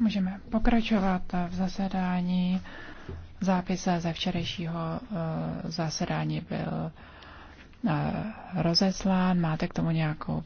Můžeme pokračovat v zasedání. Zápis ze včerejšího eh, zasedání byl eh, rozeslán. Máte k tomu nějakou